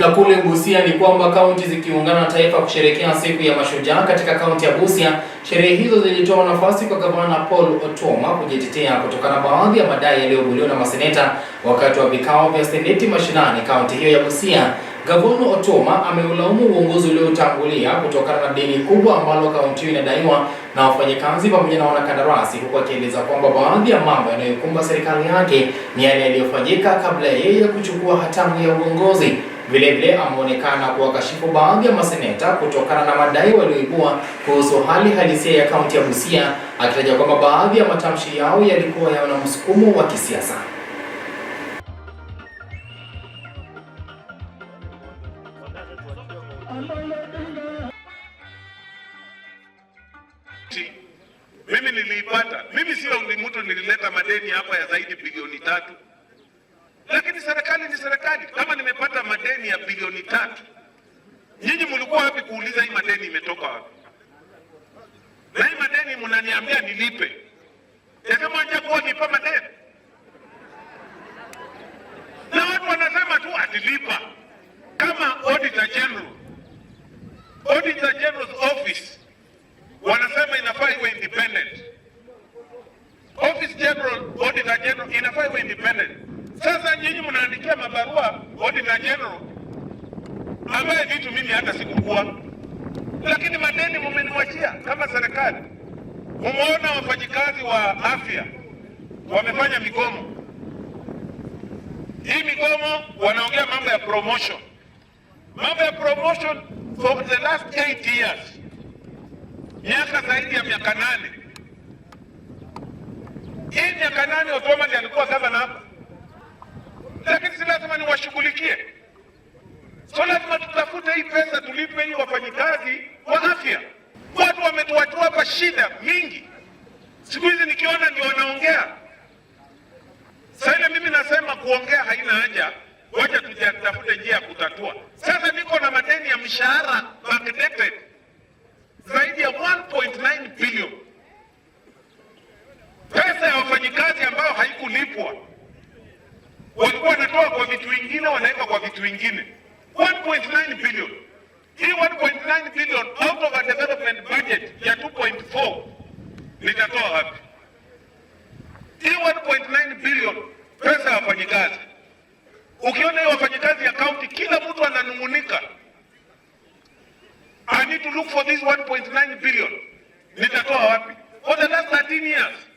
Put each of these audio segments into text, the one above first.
la kule Busia ni kwamba kaunti zikiungana na taifa kusherehekea siku ya mashujaa katika kaunti ya Busia. Sherehe hizo zilitoa nafasi kwa gavana Paul Otoma kujitetea kutokana na baadhi ya madai yaliyobuliwa na maseneta wakati wa vikao vya seneti mashinani kaunti hiyo ya Busia. Gavana Otoma ameulaumu uongozi kutangulia kutokana na deni kubwa ambalo kaunti hiyo inadaiwa na wafanyakazi pamoja na wanakandarasi, huku akieleza kwamba baadhi ya mambo yanayokumba serikali yake ni yale yaliyofanyika kabla yeye kuchukua hatamu ya uongozi. Vilevile ameonekana kuwakashifu baadhi ya maseneta kutokana na madai walioibua kuhusu hali halisia ya kaunti ya Busia, akitaja kwamba baadhi ya matamshi yao yalikuwa yana msukumo wa kisiasa. Mimi niliipata. Mimi sio mtu nilileta madeni hapa ya zaidi bilioni tatu, lakini serikali ni serikali. Kama nimepata madeni ya bilioni tatu, nyinyi mlikuwa wapi kuuliza hii madeni imetoka wapi? Na hii madeni mnaniambia nilipe wanasema inafaa iwe independent. Office General, la General inafaa iwe independent. Sasa nyinyi mnaandikia mabarua la General ambaye vitu mimi hata sikukua, lakini madeni mumeniwachia kama serikali. Mumeona wafanyikazi wa afya wamefanya migomo. Hii migomo wanaongea mambo ya promotion, mambo ya promotion for the last eight years miaka zaidi ya miaka nane. Hii miaka nane Ottoman alikuwa gavana hapa, lakini si lazima niwashughulikie. So lazima tutafute hii pesa tulipe hii wafanyikazi wa afya. Watu wametuatua hapa shida mingi, siku hizi nikiona ndio wanaongea. saile. mimi nasema kuongea haina haja, wacha tujatafute njia ya kutatua. Sasa niko na madeni ya mshahara kazi ambayo haikulipwa, walikuwa wanatoa kwa vitu vingine, wanaweka kwa vitu vingine 1.9 billion. Hii 1.9 billion out of a development budget ya 2.4 nitatoa wapi? Hii 1.9 billion pesa ya wafanyikazi. Ukiona hiyo wafanyikazi ya kaunti, kila mtu ananung'unika, I need to look for this 1.9 billion. Nitatoa wapi? For the last 13 years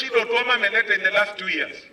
shida Otuoma ameleta in the last two years